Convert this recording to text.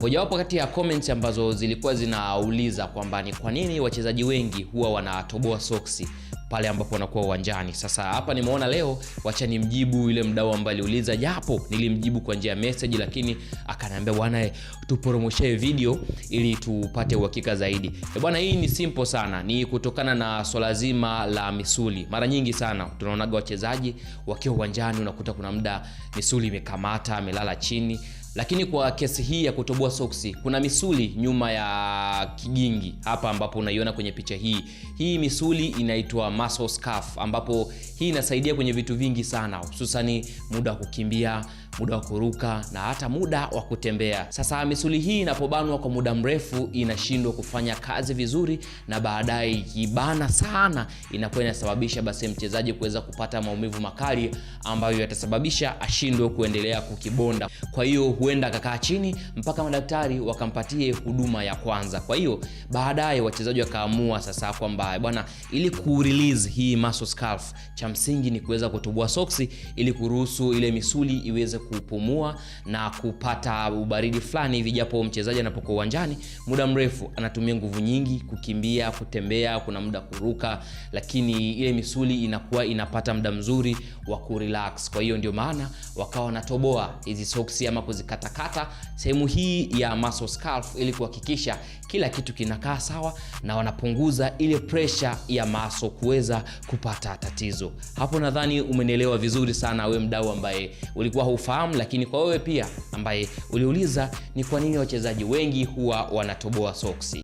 Mojawapo kati ya comments ambazo zilikuwa zinauliza kwamba ni kwa nini wachezaji wengi huwa wanatoboa soksi pale ambapo wanakuwa uwanjani. Sasa hapa nimeona leo, wacha nimjibu yule mdau ambaye aliuliza, japo nilimjibu kwa njia ya message, lakini akaniambia bwana, tupromoshee video ili tupate uhakika zaidi. E bwana, hii ni simple sana, ni kutokana na swala zima la misuli. Mara nyingi sana tunaonaga wachezaji wakiwa uwanjani, unakuta kuna muda misuli imekamata, amelala chini lakini kwa kesi hii ya kutoboa soksi, kuna misuli nyuma ya kigingi hapa ambapo unaiona kwenye picha hii. Hii misuli inaitwa muscle scarf, ambapo hii inasaidia kwenye vitu vingi sana, hususani muda wa kukimbia muda wa kuruka na hata muda wa kutembea. Sasa misuli hii inapobanwa kwa muda mrefu inashindwa kufanya kazi vizuri, na baadaye ikibana sana inakuwa inasababisha basi mchezaji kuweza kupata maumivu makali ambayo yatasababisha ashindwe kuendelea kukibonda. Kwa hiyo huenda akakaa chini mpaka madaktari wakampatie huduma ya kwanza. Kwa hiyo baadaye wachezaji wakaamua sasa kwamba bwana, ili ku release hii muscle scarf, cha msingi ni kuweza kutoboa soksi ili kuruhusu ile misuli iweze kupumua na kupata ubaridi fulani hivi, japo mchezaji anapokuwa uwanjani muda mrefu anatumia nguvu nyingi kukimbia, kutembea, kuna muda kuruka, lakini ile misuli inakuwa inapata muda mzuri wa kurelax. Kwa hiyo ndio maana wakawa wanatoboa hizi soksi ama kuzikatakata sehemu hii ya muscle scarf ili kuhakikisha kila kitu kinakaa sawa na wanapunguza ile pressure ya maso kuweza kupata tatizo. Hapo nadhani umenielewa vizuri sana, we mdau ambaye ulikuwa haufahamu kufahamu, lakini kwa wewe pia ambaye uliuliza ni kwa nini wachezaji wengi huwa wanatoboa soksi.